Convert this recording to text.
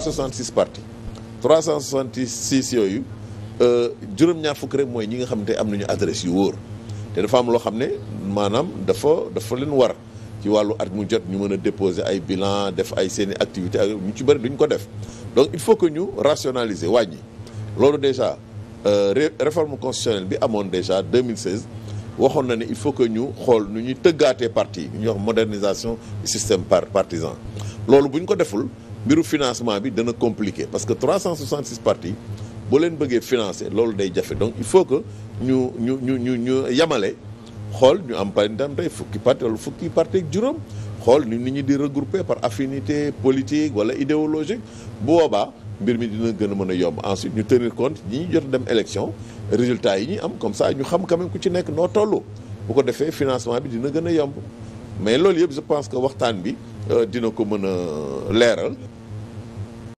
366 partis 366 yooyu euh, juróom-ñaar fukk rek mooy ñi nga xam te am nañu adresse yu wóor te dafa am loo xam ne maanaam dafa dafa leen war ci wàllu at mu jot ñu mën a déposer ay bilan def ay seeni activité ak ñu ci bëri ñu ko def donc il faut que ñu rationaliser wàññi loolu déjà euh, réforme constitutionnelle bi amoon déjà 2016 waxoon na ne il faut que ñu xool nu ñuy tëggaatee parti ñu wax modernisation système par partisan loolu bu ñu ko deful mbiru financement bi dana compliqué parce que 366 partis boo leen bëggee financer loolu day jafe donc il faut que ñu ñu ñu ñu ñu yamale xool ñu am par exemple tey fukki parti wala fukki parti ak juróom xool ni nit ñi di regrouper par affinité politique wala idéologique bu boobaa mbir mi dina gën a mën a yomb ensuite ñu tenir compte ñi ñu jot dem élection résultat yi ñuy am comme ça ñu xam quand ku ci nekk noo toll bu ko defee financement bi dina gën a yomb mais loolu yëpp je pense que waxtaan bi Euh, dina ko mën a leeral